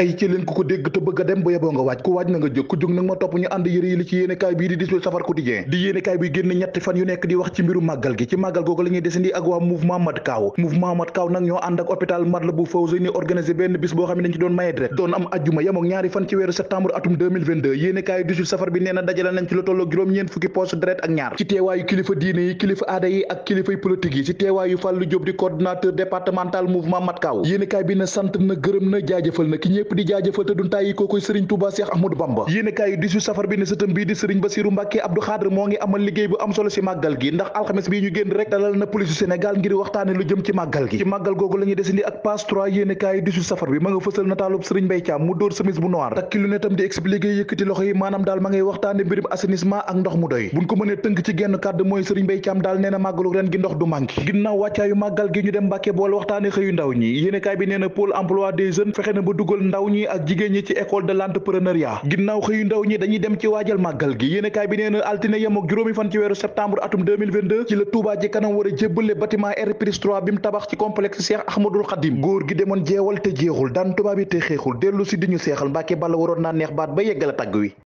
ay ci len ko ko deg te beug dem bo yeboo nga waaj ko waaj na nga jog ku jog nak ma top ñu and yere yi li ci yene kay bi di disul safar quotidien di yene kay bi genn ñetti fan yu nekk di wax ci mbiru magal gi ci magal gogol ñi ñuy desandi ak wa mouvement mat kaw mouvement mat kaw nak ño and ak hôpital Matlaboul ni organiser ben bis bo xamni dañ ci doon maye doon am aljuma yam ak ñaari fan ci wéru septembre atum 2022 yéene kaay disul safar bi neena dajala nañ ci lu tolloo juroom ñen fukki poste dret ak ñaar ci yu kilifa diine yi kilifa aada yi ak kilifa politique yi ci fallu job di coordinateur départemental mouvement mat kaw yene kay bi na sante na gëreem na jaajeufal na ki ñepp di foto te duñ sering koy Serigne Touba Cheikh Ahmadou Bamba yene kay di su safar bi ne seutum bi di Serigne Bassirou Mbacké Abdou mo ngi amal liggey bu am solo ci magal gi ndax alxames bi ñu genn rek dalal na polisu Sénégal ngir waxtane lu jëm ci magal gi ci magal gogu lañu sering ak page 3 yene kay di su safar bi ma nga fësal nataalub Serigne Mbaye Thiam mu door semis bu noir takki lu netam di expliquer yëkkati loxo yi maanaam ma ngay waxtane birim assainissement ak ndox mu doy buñ ko mëne teunk ci genn kàddu moy Serigne Mbaye Thiam ren gi ndox du manqué ginnaaw wàccaayu magal gi ñu dem Mbàkke bool waxtane xeyu ndaw ñi kay bi neena pôle emploi des jeunes fexé na ba duggal ndaw ñi ak jigéen ñi ci école de l'entrepreneuriat ginnaaw xëyu ndaw ñi dañuy dem ci waajal màggal gi yéenekaay bi nee na altine yem ak juróomi fan ci weeru septembre atum 2022 ci la Touba ji kanam war a jébbale bâtiment R+3 bi bim tabax ci complexe Cheikh Ahmadul Xadim góor gi demoon jeewal te jeexul daan tubaab yi te xeexul dellu si di ñu seexal Mbàkke bala waroon naa neex baat ba yeggale tagg wi